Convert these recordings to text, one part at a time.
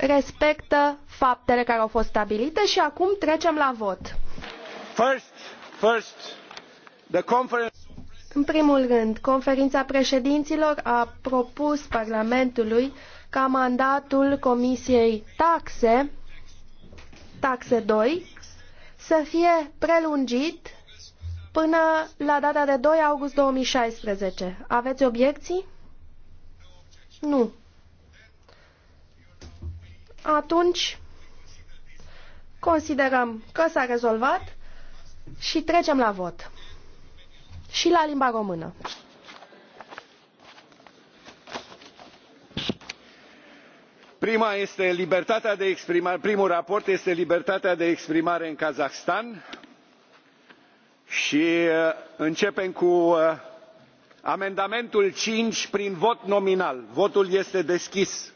respectă faptele care au fost stabilite și acum trecem la vot. First, first, the conference... În primul rând, conferința președinților a propus Parlamentului ca mandatul Comisiei Taxe, Taxe 2, să fie prelungit până la data de 2 august 2016. Aveți obiecții? Nu atunci considerăm că s-a rezolvat și trecem la vot. Și la limba română. Prima este libertatea de exprimare, primul raport este libertatea de exprimare în Kazahstan și uh, începem cu uh, amendamentul cinci prin vot nominal. Votul este deschis.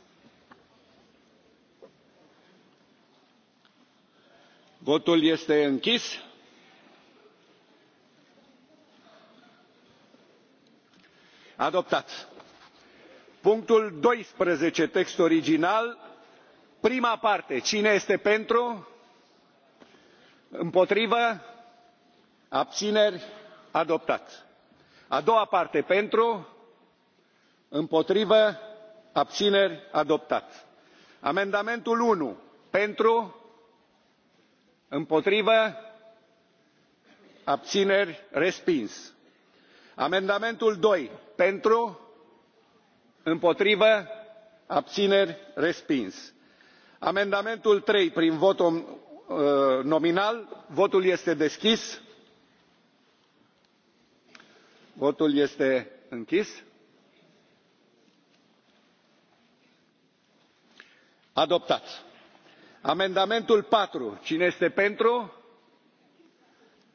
votul este închis. adoptat. punctul doisprezece text original prima parte cine este pentru? împotrivă? abțineri? adoptat. a doua parte pentru? împotrivă? abțineri? adoptat. amendamentul unu pentru? împotrivă abțineri respins amendamentul doi pentru împotrivă abțineri respins amendamentul trei prin vot uh, nominal votul este deschis votul este închis adoptat amendamentul patru cine este pentru?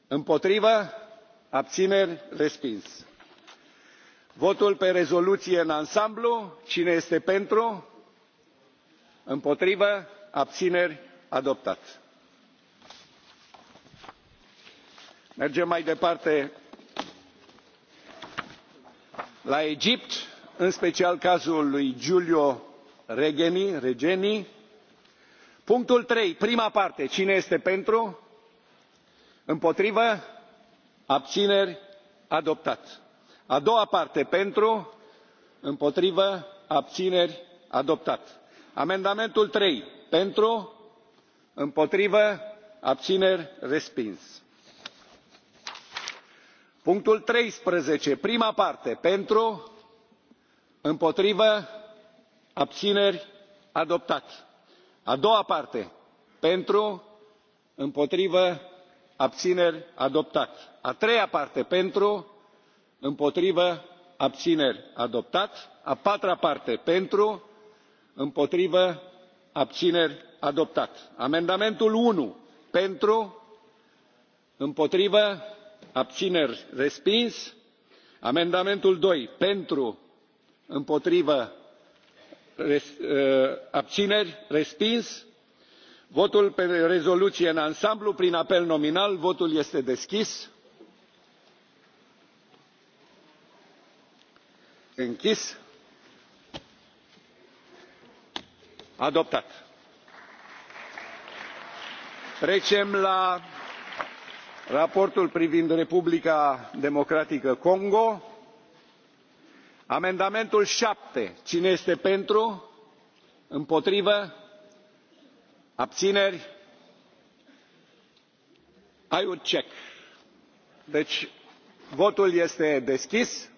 împotrivă? abțineri? respins. votul pe rezoluție în ansamblu cine este pentru? împotrivă? abțineri? adoptat. mergem mai departe la egipt în special cazul lui giulio regeni punctul trei prima parte cine este pentru? împotrivă? abțineri? adoptat. a doua parte pentru? împotrivă? abțineri? adoptat. amendamentul trei pentru? împotrivă? abțineri? respins. punctul treisprezece prima parte pentru? împotrivă? abțineri? adoptat a doua parte pentru împotrivă abțineri adoptat. a treia parte pentru împotrivă abțineri adoptat. a patra parte pentru împotrivă abțineri adoptat. amendamentul unu pentru împotrivă abțineri respins amendamentul doi pentru împotrivă Uh, abțineri respins. votul pe rezoluție în ansamblu prin apel nominal votul este deschis. închis. adoptat. trecem la raportul privind republica democratică congo amendamentul șapte cine este pentru împotrivă abțineri i would check deci votul este deschis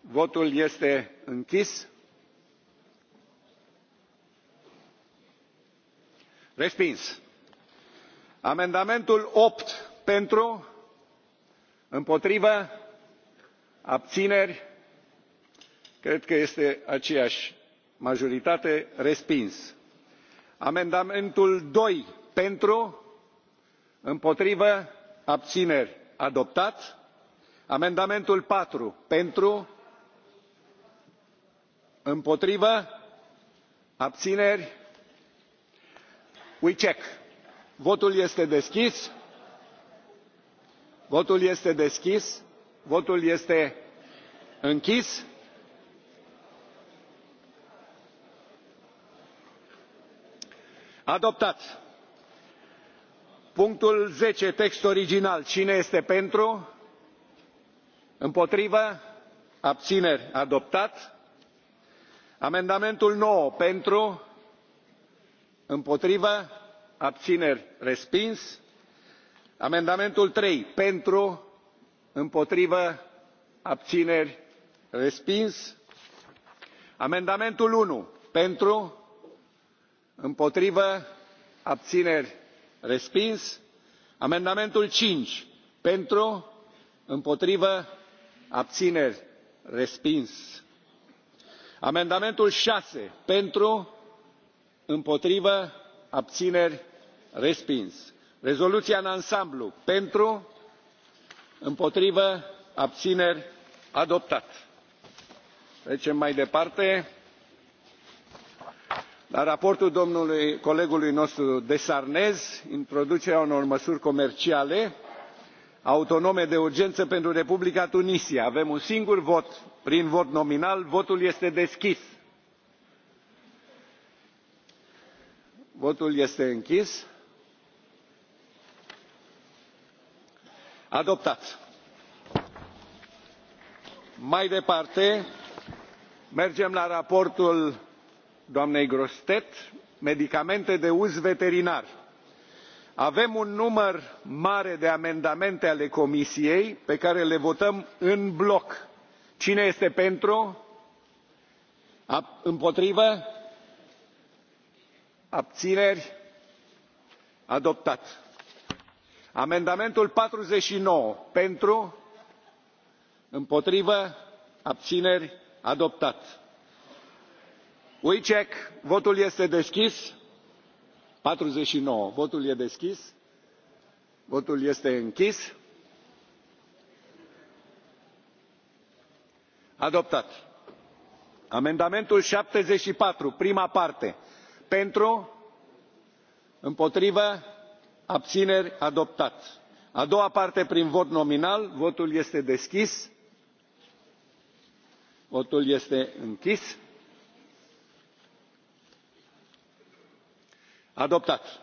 votul este închis respins amendamentul opt pentru împotrivă abțineri cred că este aceeași majoritate respins. amendamentul doi pentru împotrivă abțineri adoptat. amendamentul patru pentru împotrivă abțineri we check. votul este deschis. votul este deschis. votul este închis. adoptat. punctul zece text original cine este pentru? împotrivă? abțineri adoptat. amendamentul nouă pentru? împotrivă? abțineri respins. amendamentul trei pentru? împotrivă? abțineri respins. amendamentul unu pentru? împotrivă abțineri respins amendamentul cinci pentru împotrivă abțineri respins amendamentul șase pentru împotrivă abțineri respins rezoluția în ansamblu pentru împotrivă abțineri adoptat. trecem mai departe raportul domnului colegului nostru de sarnez introducerea unor măsuri comerciale autonome de urgență pentru republica tunisia avem un singur vot prin vot nominal votul este deschis. votul este închis. adoptat. mai departe mergem la raportul doamnei grossette medicamente de uz veterinar. avem un număr mare de amendamente ale comisiei pe care le votăm în bloc. cine este pentru? împotrivă? abțineri? adoptat. amendamentul patruzeci și nouă pentru? împotrivă? abțineri? adoptat votul este deschis patruzeci și nouă votul este deschis votul este închis adoptat amendamentul șaptezeci și patru prima parte pentru împotrivă abțineri adoptat a doua parte prin vot nominal votul este deschis votul este închis adoptat.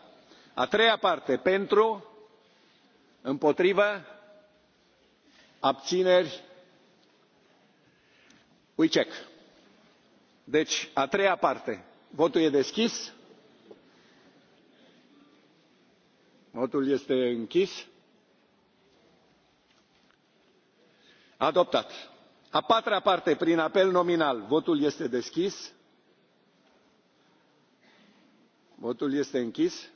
a treia parte pentru împotrivă abțineri we check. deci a treia parte votul este deschis votul este închis adoptat. a patra parte prin apel nominal votul este deschis votul este închis.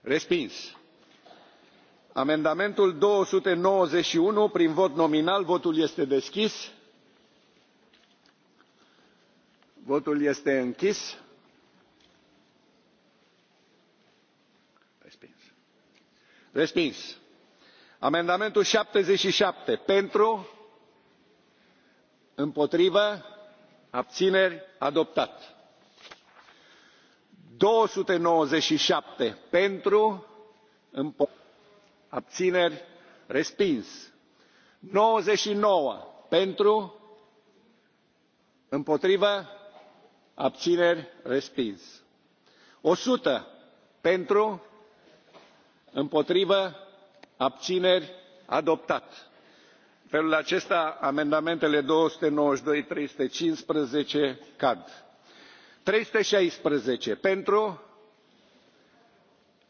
respins. amendamentul 291, prin vot nominal votul este deschis. votul este închis. respins. respins. amendamentul 77, pentru împotrivă abțineri adoptat două sute nouăzeci și șapte pentru abțineri respins nouăzeci și nouă pentru împotrivă abțineri respins o sută pentru împotrivă abțineri adoptat felul acesta amendamentele două sute nouăzeci și doi trei sute cincisprezece cad. trei sute șaisprezece pentru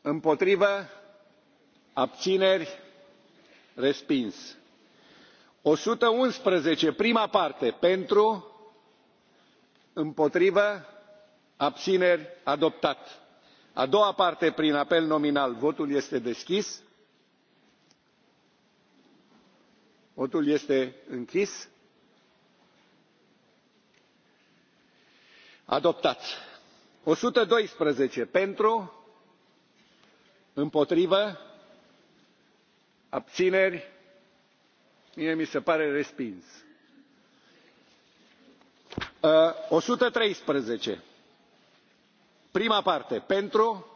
împotrivă abțineri respins. o sută unsprezece prima parte pentru împotrivă abțineri adoptat. a doua parte prin apel nominal votul este deschis. votul este închis. adoptat. o sută doisprezece pentru împotrivă abțineri mie mi se pare respins. Uh, o sută treisprezece prima parte pentru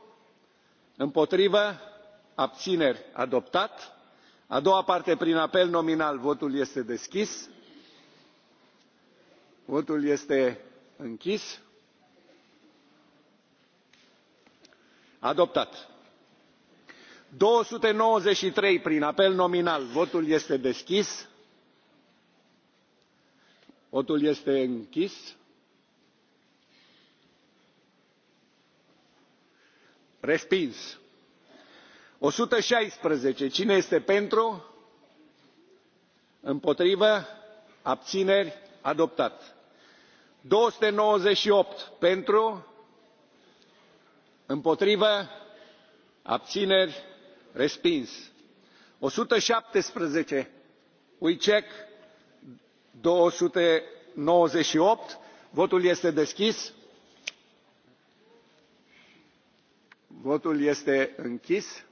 împotrivă abțineri adoptat a doua parte prin apel nominal votul este deschis votul este închis adoptat două sute nouăzeci și trei prin apel nominal votul este deschis votul este închis respins o sută șaisprezece cine este pentru? împotrivă abțineri adoptat. două sute nouăzeci și opt pentru împotrivă abțineri respins. o sută șaptesprezece we check două sute nouăzeci și opt votul este deschis. votul este închis.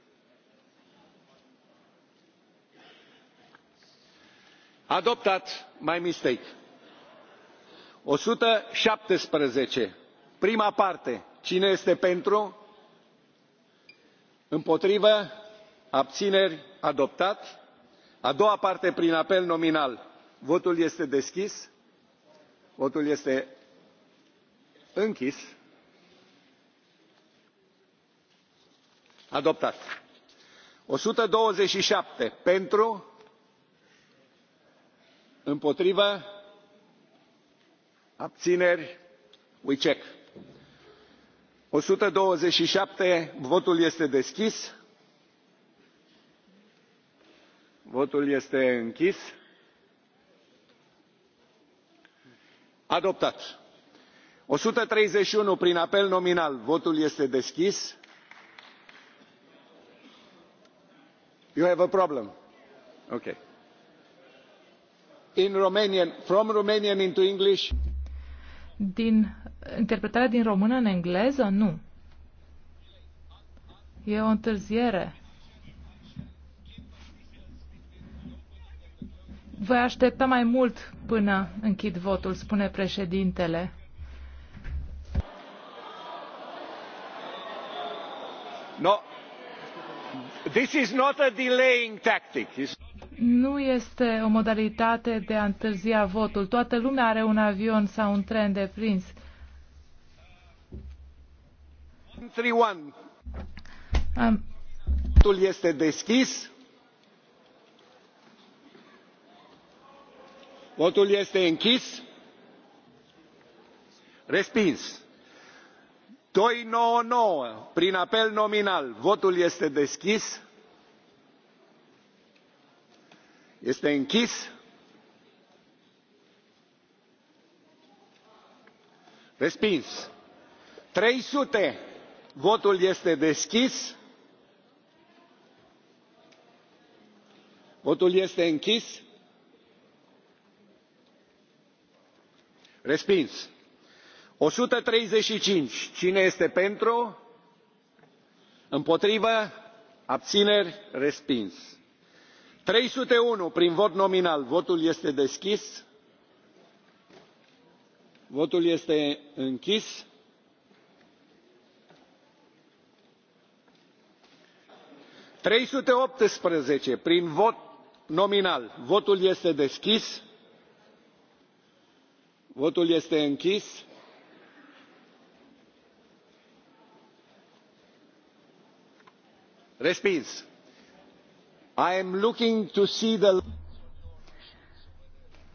adoptat my mistake o sută șaptesprezece prima parte cine este pentru împotrivă abțineri adoptat a doua parte prin apel nominal votul este deschis votul este închis adoptat o sută douăzeci și șapte pentru împotrivă abțineri o sută douăzeci și șapte votul este deschis votul este închis adoptat o sută treizeci și unu prin apel nominal votul este deschis you have a problem Okay. Din interpretarea din română în engleză? Nu. E o întârziere. Voi aștepta mai mult până închid votul, spune președintele. No. This is not a delaying tactic. It's nu este o modalitate de a întârzia votul. Toată lumea are un avion sau un tren de prins. Votul este deschis. Votul este închis. Respins. 299 prin apel nominal. Votul este deschis. este închis. respins. 300. votul este deschis. votul este închis. respins. 135. cine este pentru? împotrivă? abțineri? respins trei sute unu prin vot nominal votul este deschis votul este închis trei sute optsprezece prin vot nominal votul este deschis votul este închis respins.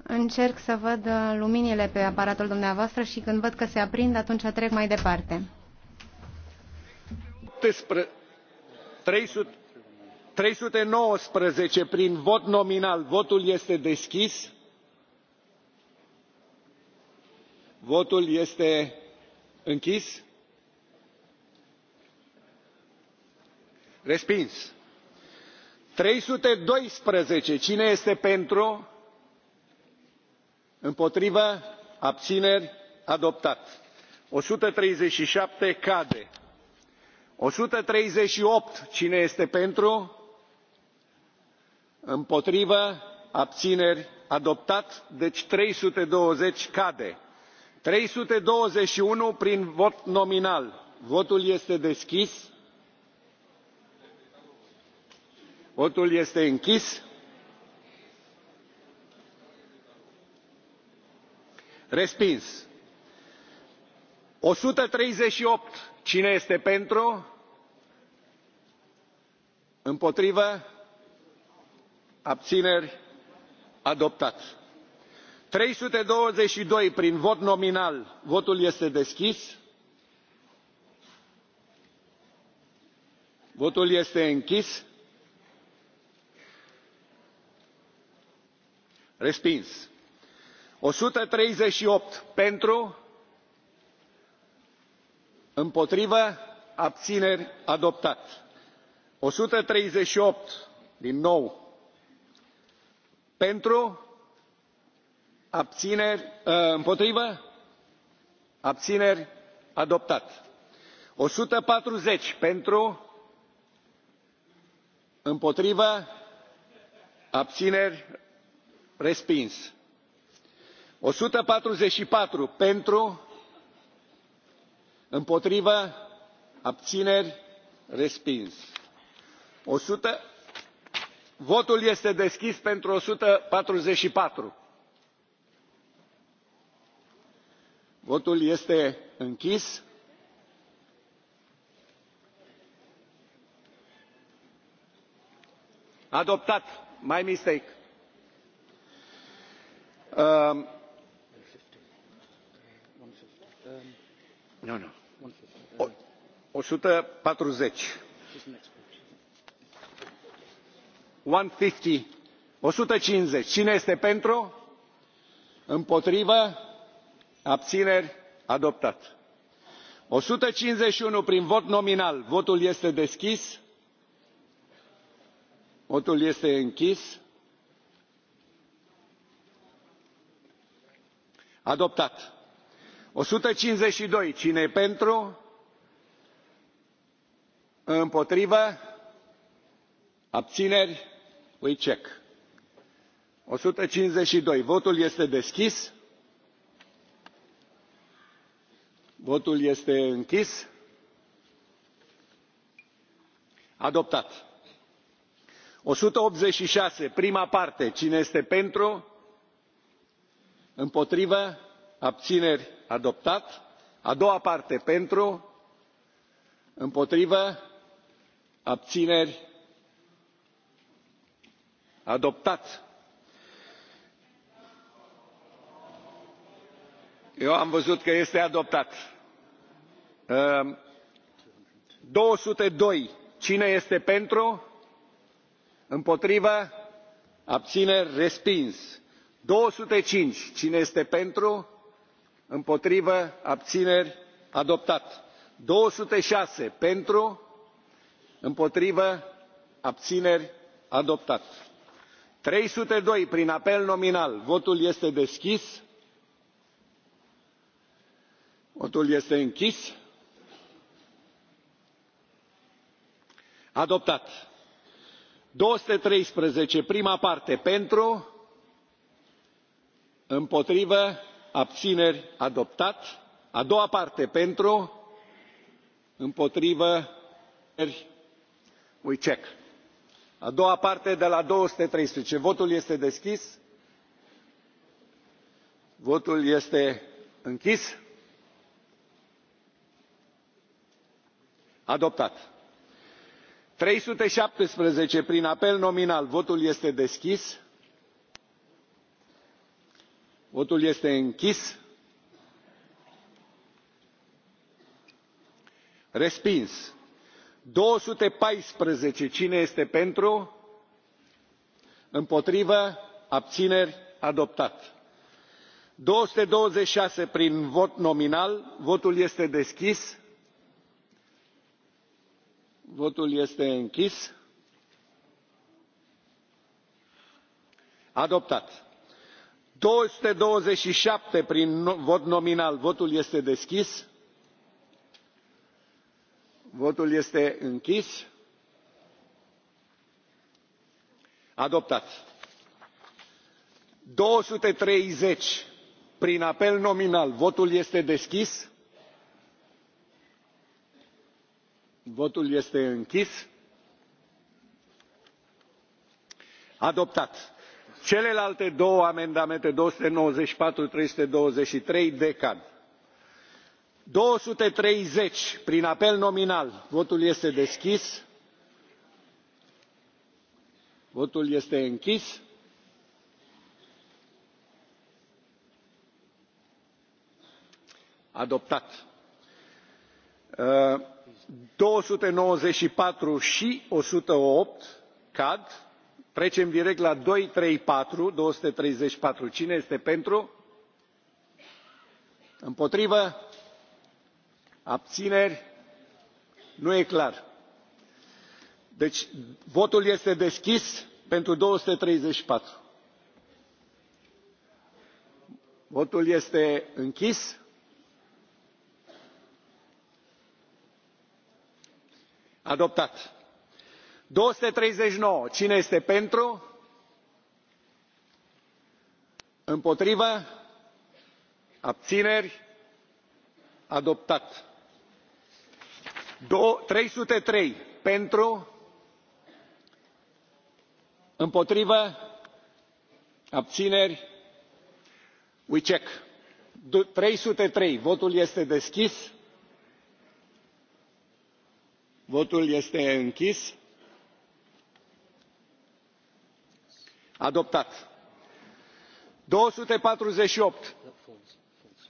Încerc să văd uh, luminile pe aparatul dumneavoastră și când văd că se aprind, atunci trec mai departe. 300, 319 prin vot nominal. Votul este deschis. Votul este închis. Respins trei sute doisprezece cine este pentru? împotrivă abțineri adoptat. o sută treizeci și șapte cade. o sută treizeci și opt cine este pentru? împotrivă abțineri adoptat deci trei sute douăzeci cade. trei sute douăzeci și unu prin vot nominal votul este deschis. votul este închis. respins. o sută treizeci și opt cine este pentru? împotrivă? abțineri? adoptat. trei sute douăzeci și doi prin vot nominal votul este deschis. votul este închis. respins o sută treizeci și opt pentru împotrivă abțineri adoptat o sută treizeci și opt din nou pentru ă, împotrivă abțineri adoptat o sută patruzeci pentru împotrivă abțineri respins o sută patruzeci și patru pentru împotrivă abțineri respins votul este deschis pentru o sută patruzeci și patru votul este închis adoptat my mistake. Um, o sută patruzeci o sută cincizeci cine este pentru? împotrivă? abțineri? adoptat. o sută cincizeci și unu prin vot nominal votul este deschis. votul este închis. adoptat o sută cincizeci și doi cine este pentru împotrivă abțineri o sută cincizeci și doi votul este deschis votul este închis adoptat o sută optzeci și șase prima parte cine este pentru împotrivă abțineri adoptat a doua parte pentru împotrivă abțineri adoptat eu am văzut că este adoptat ehm, două sute doi cine este pentru împotrivă abțineri respins două sute cinci cine este pentru? împotrivă abțineri adoptat. două sute șase pentru împotrivă abțineri adoptat. trei sute doi prin apel nominal votul este deschis. votul este închis. adoptat. două sute treisprezece prima parte pentru împotrivă abțineri adoptat. a doua parte pentru împotrivă abțineri we check. a doua parte de la două sute treisprezece votul este deschis. votul este închis. adoptat. trei sute șaptesprezece prin apel nominal votul este deschis votul este închis. respins. două sute paisprezece cine este pentru? împotrivă abțineri adoptat. două sute douăzeci și șase prin vot nominal votul este deschis. votul este închis. adoptat două sute douăzeci și șapte prin vot nominal votul este deschis votul este închis adoptat două sute treizeci prin apel nominal votul este deschis votul este închis adoptat celelalte două amendamente două sute nouăzeci și patru trei sute douăzeci și trei decad. două sute treizeci prin apel nominal votul este deschis. votul este închis. adoptat. Uh, două sute nouăzeci și patru și o sută opt cad trecem direct la doi trei patru două sute treizeci și patru cine este pentru? împotrivă? abțineri? nu e clar. deci votul este deschis pentru două sute treizeci și patru votul este închis. adoptat două sute treizeci și nouă cine este pentru? împotrivă? abțineri? adoptat. trei sute trei pentru? împotrivă? abțineri? we check. 303 votul este deschis votul este închis adoptat. două sute patruzeci și opt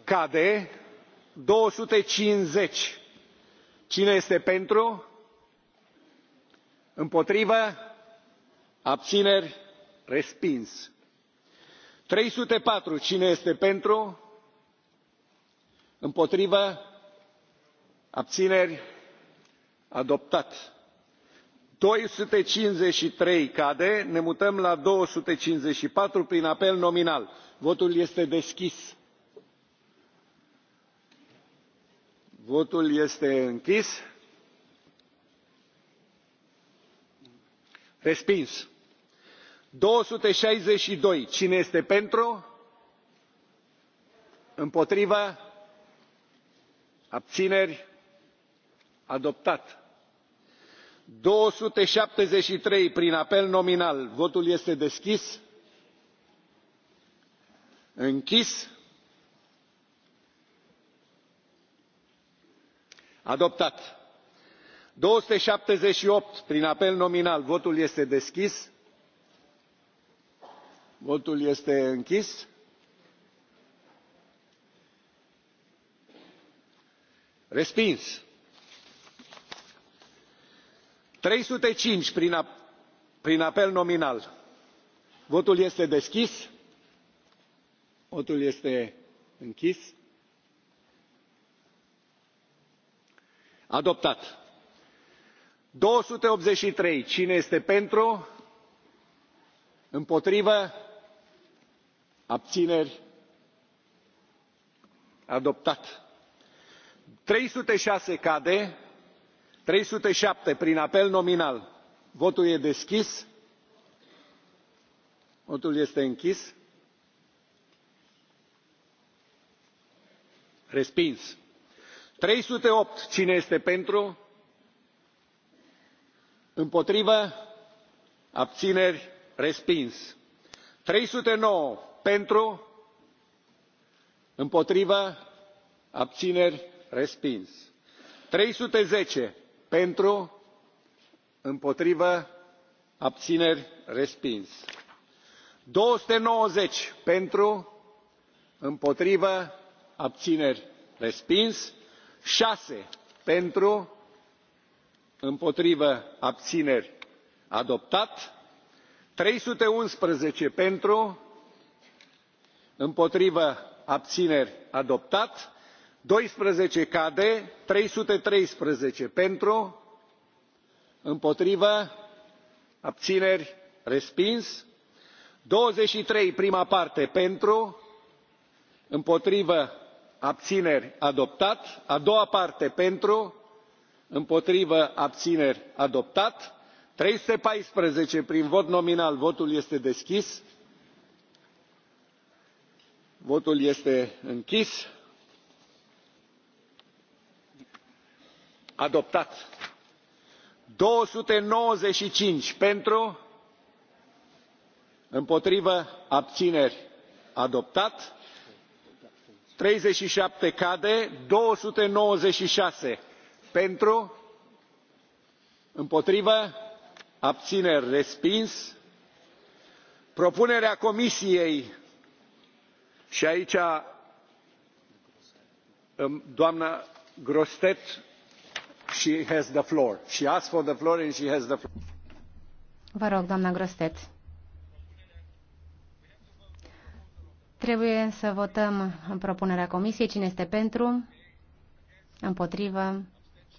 cade. două sute cincizeci cine este pentru? împotrivă? abțineri? respins. trei sute patru cine este pentru? împotrivă? abțineri? adoptat. 253 cade, ne mutăm la 254 prin apel nominal. Votul este deschis. Votul este închis. Respins. 262. Cine este pentru? Împotrivă? Abțineri? Adoptat două sute șaptezeci și trei prin apel nominal votul este deschis închis adoptat două sute șaptezeci și opt prin apel nominal votul este deschis votul este închis respins trei sute cinci prin apel nominal votul este deschis votul este închis adoptat două sute optzeci și trei cine este pentru împotrivă abțineri adoptat trei sute șase cade trei sute șapte prin apel nominal votul este deschis votul este închis respins trei sute opt cine este pentru împotrivă abțineri respins trei sute nouă pentru împotrivă abțineri respins trei sute zece pentru împotrivă abțineri respins două sute nouăzeci pentru împotrivă abțineri respins șase pentru împotrivă abțineri adoptat trei sute unsprezece pentru împotrivă abțineri adoptat doisprezece cade trei sute treisprezece pentru împotrivă abțineri respins douăzeci și trei prima parte pentru împotrivă abțineri adoptat a doua parte pentru împotrivă abțineri adoptat trei sute paisprezece prin vot nominal votul este deschis votul este închis adoptat două sute nouăzeci și cinci pentru împotrivă abțineri adoptat treizeci și șapte cade două sute nouăzeci și șase pentru împotrivă abțineri respins propunerea comisiei și aici doamnă grossette Vă rog, doamna Grostet. Trebuie să votăm în propunerea comisiei. Cine este pentru? Împotrivă?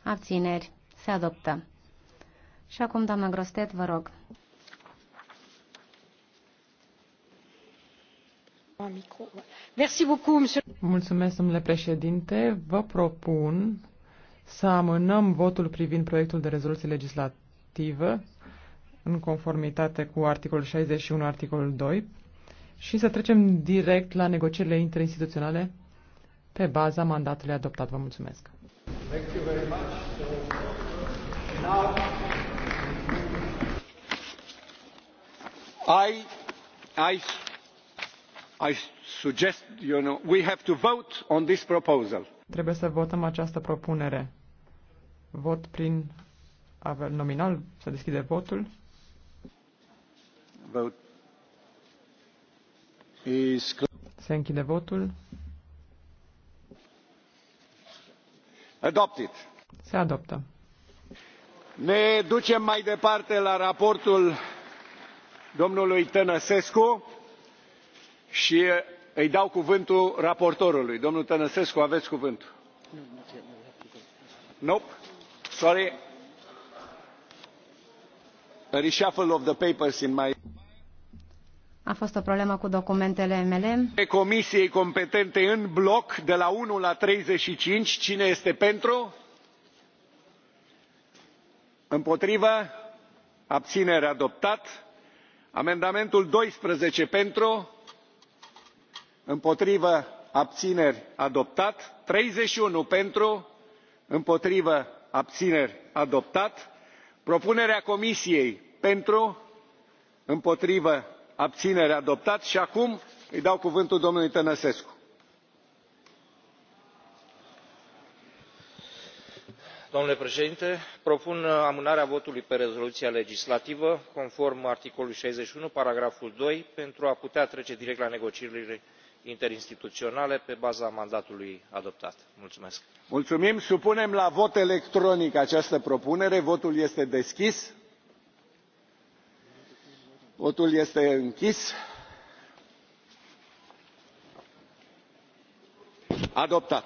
Abțineri? Se adoptă. Și acum, doamna Grostet, vă rog. Mulțumesc, domnule președinte. Vă propun să amânăm votul privind proiectul de rezoluție legislativă în conformitate cu articolul 61, articolul 2 și să trecem direct la negocierile interinstituționale pe baza mandatului adoptat. Vă mulțumesc! Thank you very much. So, now... I, I, I suggest, you know, we have to vote on this proposal. Trebuie să votăm această propunere. Vot prin nominal. Să deschide votul. Vote. Is... Se închide votul. Adopted. Se adoptă. Ne ducem mai departe la raportul domnului Tănăsescu și îi dau cuvântul raportorului. Domnul Tănăsescu, aveți cuvântul. nope. Sorry. A reshuffle of the papers in my... A fost o problemă cu documentele mele. Comisiei competente în bloc, de la 1 la 35, cine este pentru? Împotrivă? Abținere adoptat. Amendamentul 12 pentru? Împotrivă? Abțineri adoptat. 31 pentru? Împotrivă? abțineri adoptat propunerea comisiei pentru împotrivă abțineri adoptat și acum îi dau cuvântul domnului tănăsescu. domnule președinte propun amânarea votului pe rezoluția legislativă conform articolului șaizeci și unu paragraful doi pentru a putea trece direct la negocierile interinstituționale pe baza mandatului adoptat. Mulțumesc. Mulțumim. Supunem la vot electronic această propunere. Votul este deschis. Votul este închis. Adoptat.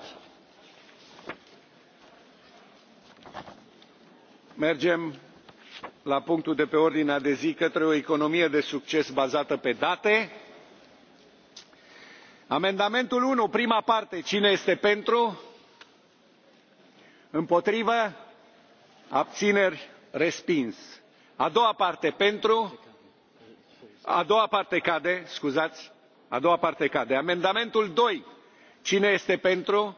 Mergem la punctul de pe ordinea de zi către o economie de succes bazată pe date amendamentul unu prima parte cine este pentru? împotrivă? abțineri? respins. a doua parte pentru? a doua parte cade scuzați a doua parte cade. amendamentul doi cine este pentru?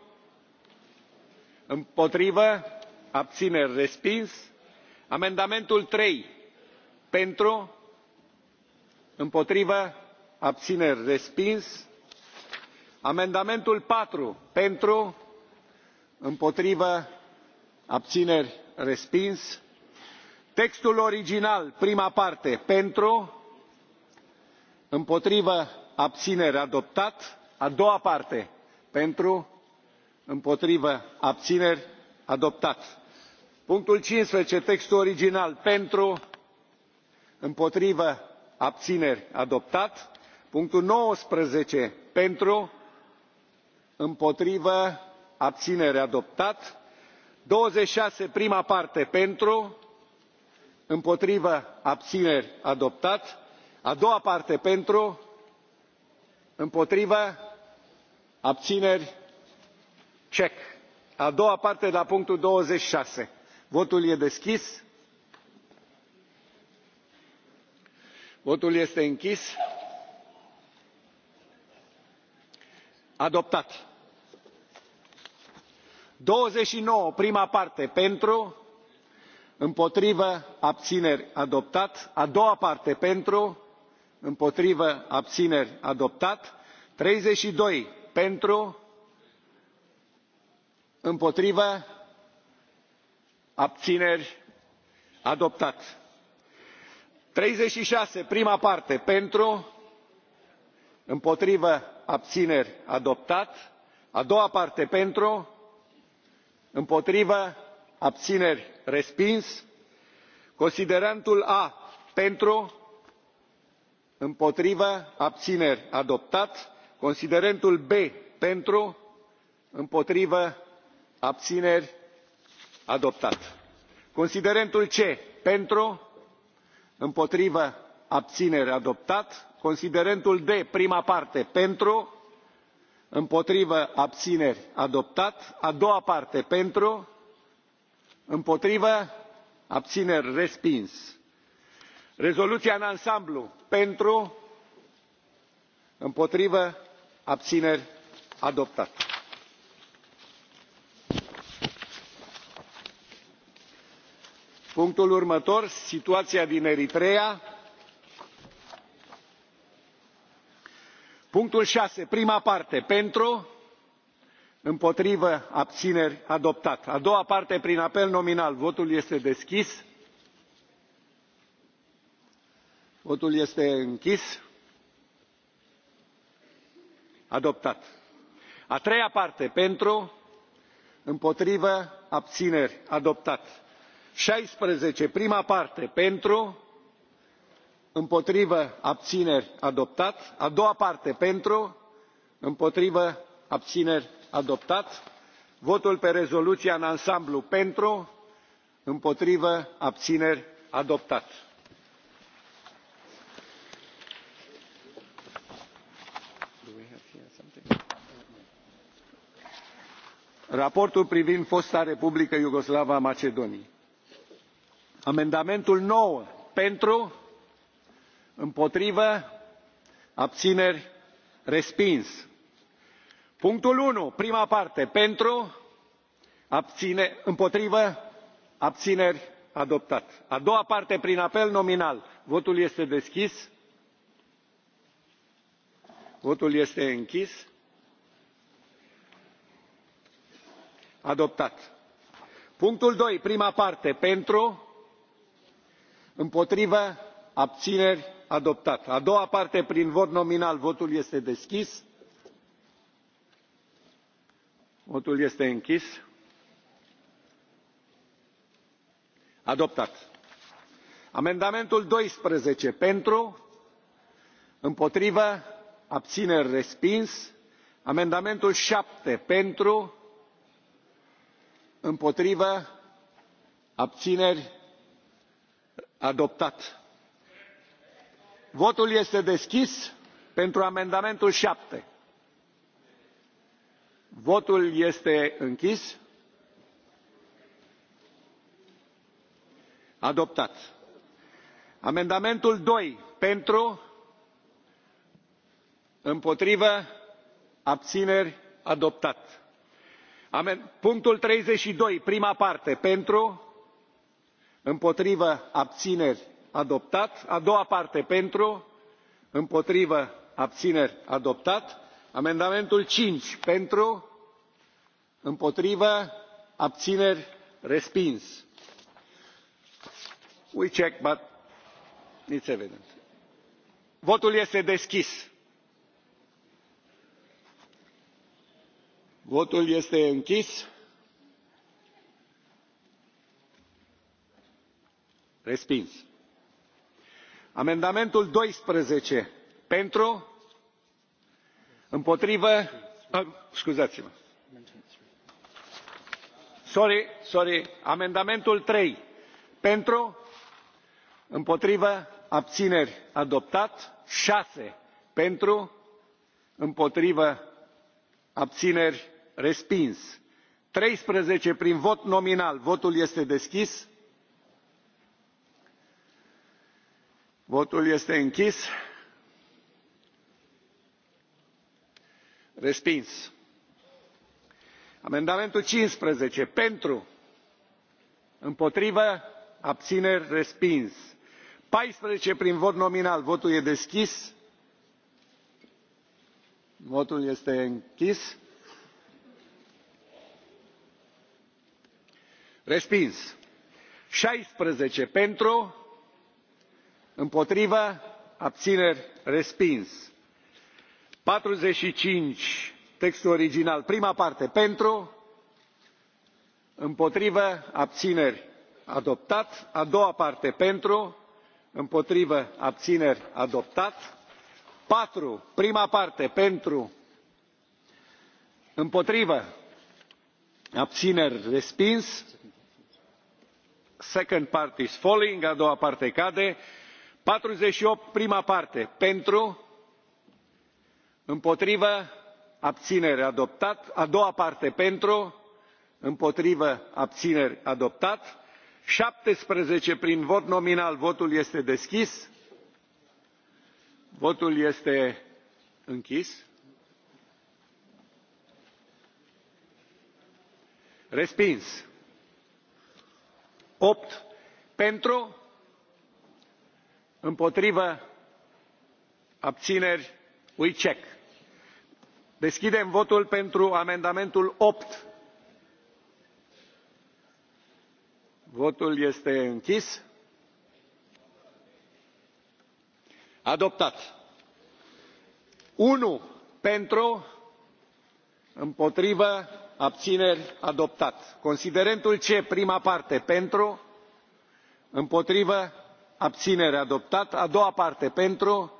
împotrivă? abțineri? respins. amendamentul trei pentru? împotrivă? abțineri? respins amendamentul patru pentru împotrivă abțineri respins textul original prima parte pentru împotrivă abțineri adoptat a doua parte pentru împotrivă abțineri adoptat punctul cincisprezece textul original pentru împotrivă abțineri adoptat punctul nouăsprezece pentru împotrivă abținere adoptat douăzeci și șase prima parte pentru împotrivă abțineri adoptat a doua parte pentru împotrivă abțineri check a doua parte la punctul douăzeci și șase votul este deschis votul este închis adoptat douăzeci și nouă prima parte pentru împotrivă abțineri adoptat a doua parte pentru împotrivă abțineri adoptat treizeci și doi pentru împotrivă abțineri adoptat treizeci și șase prima parte pentru împotrivă abțineri adoptat a doua parte pentru împotrivă abțineri respins considerentul a pentru împotrivă abțineri adoptat considerentul b pentru împotrivă abțineri adoptat considerentul c pentru împotrivă abțineri adoptat considerentul d prima parte pentru împotrivă abțineri adoptat a doua parte pentru împotrivă abțineri respins rezoluția în ansamblu pentru împotrivă abțineri adoptat punctul următor situația din eritreea punctul șase prima parte pentru împotrivă abțineri adoptat. a doua parte prin apel nominal votul este deschis. votul este închis. adoptat. a treia parte pentru împotrivă abțineri adoptat. șaisprezece prima parte pentru împotrivă abțineri adoptat. a doua parte pentru împotrivă abțineri adoptat. votul pe rezoluția în ansamblu pentru împotrivă abțineri adoptat. raportul privind fosta republică iugoslavă a macedoniei amendamentul nouă pentru împotrivă abțineri respins. punctul unu prima parte pentru împotrivă abțineri adoptat. a doua parte prin apel nominal votul este deschis. votul este închis. adoptat. punctul doi prima parte pentru împotrivă abțineri adoptat. a doua parte prin vot nominal votul este deschis. votul este închis. adoptat. amendamentul doisprezece pentru împotrivă abțineri respins. amendamentul șapte pentru împotrivă abțineri adoptat votul este deschis pentru amendamentul. șapte votul este închis. adoptat. amendamentul doi pentru împotrivă abțineri adoptat. punctul treizeci și doi prima parte pentru împotrivă abțineri adoptat a doua parte pentru împotrivă abțineri adoptat amendamentul cinci pentru împotrivă abțineri respins we check but evident votul este deschis votul este închis respins amendamentul doisprezece pentru împotrivă ah, scuzați mă sorry sorry amendamentul trei pentru împotrivă abțineri adoptat șase pentru împotrivă abțineri respins treisprezece prin vot nominal votul este deschis. votul este închis. respins. amendamentul cincisprezece pentru împotrivă abțineri respins. paisprezece prin vot nominal votul este deschis. votul este închis. respins. șaisprezece pentru împotrivă abțineri respins patruzeci și cinci textul original prima parte pentru împotrivă abțineri adoptat a doua parte pentru împotrivă abțineri adoptat patru prima parte pentru împotrivă abțineri respins second part is falling a doua parte cade patruzeci și opt prima parte pentru împotrivă abțineri adoptat a doua parte pentru împotrivă abțineri adoptat șaptesprezece prin vot nominal votul este deschis votul este închis respins opt pentru împotrivă abțineri we check. deschidem votul pentru amendamentul opt votul este închis. adoptat. unu pentru împotrivă abțineri adoptat. considerentul c prima parte pentru împotrivă abținere adoptat. a doua parte pentru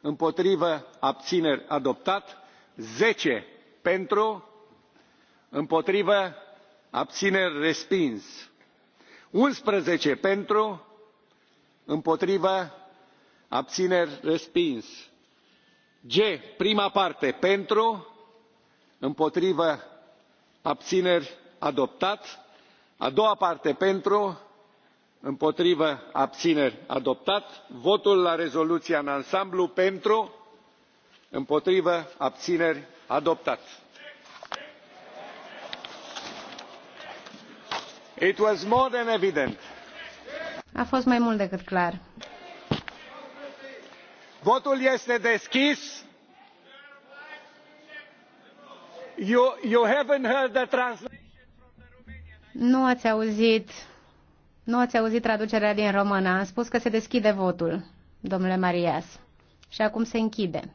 împotrivă abțineri adoptat. zece pentru împotrivă abțineri respins. unsprezece pentru împotrivă abțineri respins. g prima parte pentru împotrivă abțineri adoptat. a doua parte pentru împotrivă abțineri adoptat votul la rezoluția în ansamblu pentru împotrivă abțineri adoptat. It was more than evident. a fost mai mult decât clar. votul este deschis. You, you haven't heard the translation. nu ați auzit nu ați auzit traducerea din română. Am spus că se deschide votul, domnule Marias. Și acum se închide.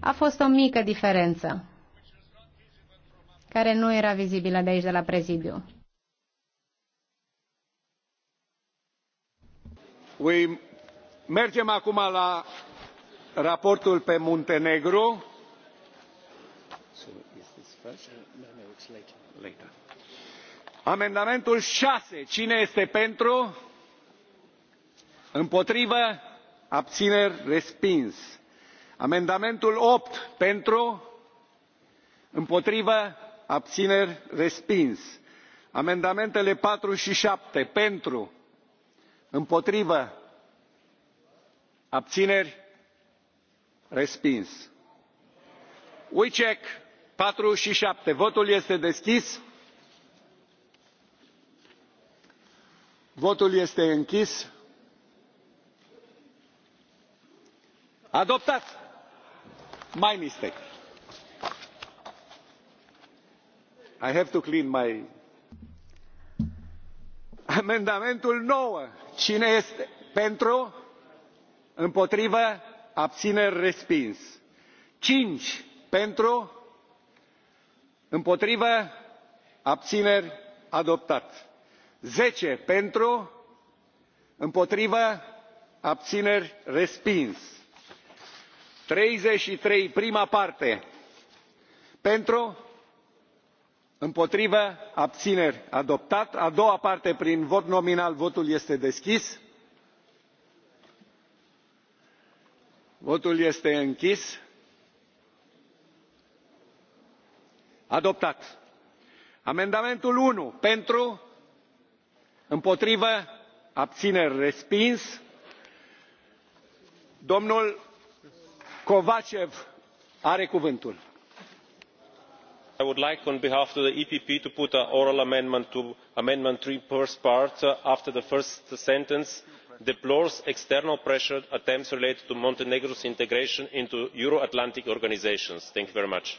A fost o mică diferență care nu era vizibilă de aici, de la prezidiu. We mergem acum la raportul pe Muntenegru Uh, amendamentul șase cine este pentru? împotrivă abțineri respins. amendamentul opt pentru împotrivă abțineri respins. amendamentele patru și șapte pentru împotrivă abțineri respins. we check patru și șapte votul este deschis. votul este închis. adoptat. my mistake. i have to clean my amendamentul nouă cine este pentru? împotrivă abțineri respins. cinci pentru împotrivă abțineri adoptat. zece pentru împotrivă abțineri respins. treizeci și trei prima parte pentru împotrivă abțineri adoptat. a doua parte prin vot nominal votul este deschis. votul este închis. adoptat. amendamentul unu pentru împotrivă abțineri respins. domnul kovacev are cuvântul. i would like on behalf of the epp to put an oral amendment to amendment three first part uh, after the first sentence deplores external pressure attempts related to montenegro's integration into euro atlantic organisations. thank you very much.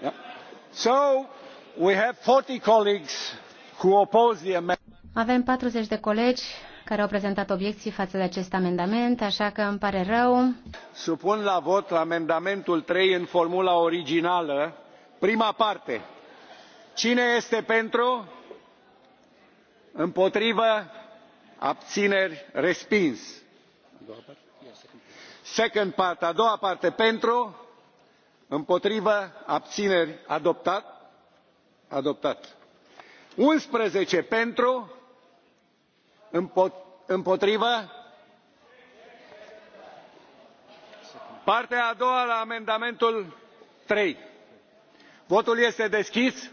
Yeah. So, we have 40 colleagues who oppose the amendment. Avem 40 de colegi care au prezentat obiecții față de acest amendament, așa că îmi pare rău. Supun la vot amendamentul 3 în formula originală, prima parte. Cine este pentru? Împotrivă? Abțineri? Respins. Second part, a doua parte pentru? împotrivă abțineri adoptat adoptat unsprezece pentru împotrivă partea a doua la amendamentul trei votul este deschis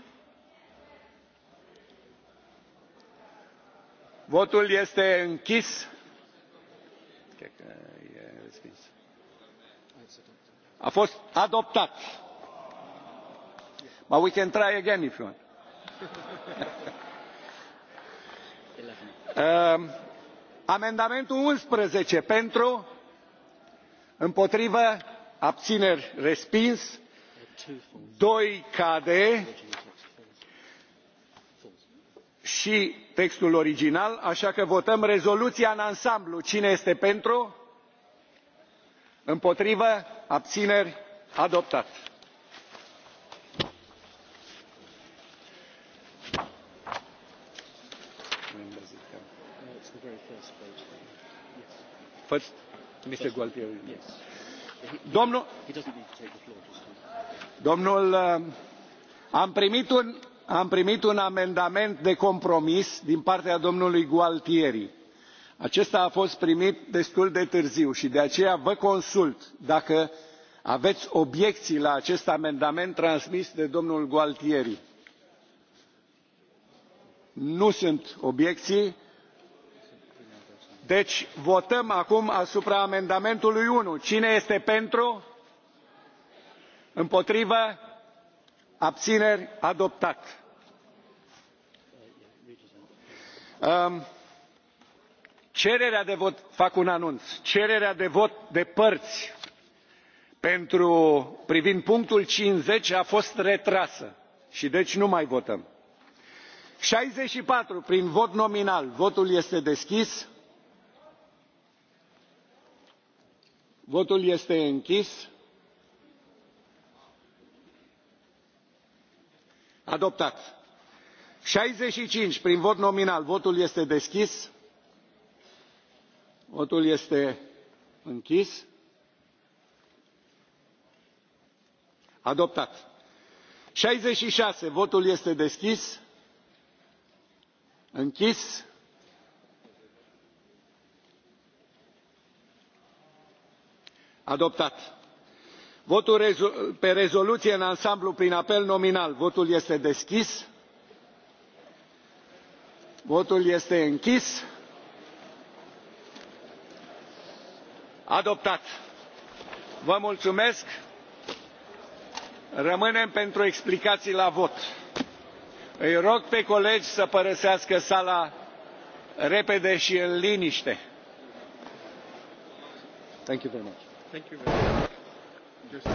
votul este închis a fost adoptat. But we can try again if you want. Um, amendamentul 11 pentru, împotrivă, abțineri, respins. 2 cade și textul original așa că votăm rezoluția în ansamblu cine este pentru împotrivă abțineri adoptat. Domnul, domnul, um, am, primit un, am primit un amendament de compromis din partea domnului gualtieri acesta a fost primit destul de târziu și de aceea vă consult dacă aveți obiecții la acest amendament transmis de domnul gualtieri. nu sunt obiecții deci votăm acum asupra amendamentului unu cine este pentru? împotrivă? abțineri? adoptat. Um, cererea de vot fac un anunț cererea de vot de părți pentru privind punctul cincizeci a fost retrasă și deci nu mai votăm. șaizeci și patru prin vot nominal votul este deschis. votul este închis. adoptat. șaizeci și cinci prin vot nominal votul este deschis votul este închis. adoptat. șaizeci și șase votul este deschis. închis. adoptat. votul rezo pe rezoluție în ansamblu prin apel nominal votul este deschis. votul este închis. adoptat. vă mulțumesc rămânem pentru explicații la vot. îi rog pe colegi să părăsească sala repede și în liniște. Thank you very much. Thank you very much. Just...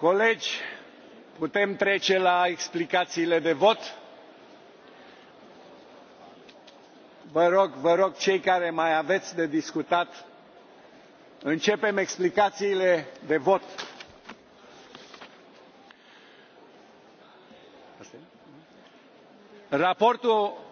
colegi putem trece la explicațiile de vot? Vă rog, vă rog cei care mai aveți de discutat începem explicațiile de vot. raportul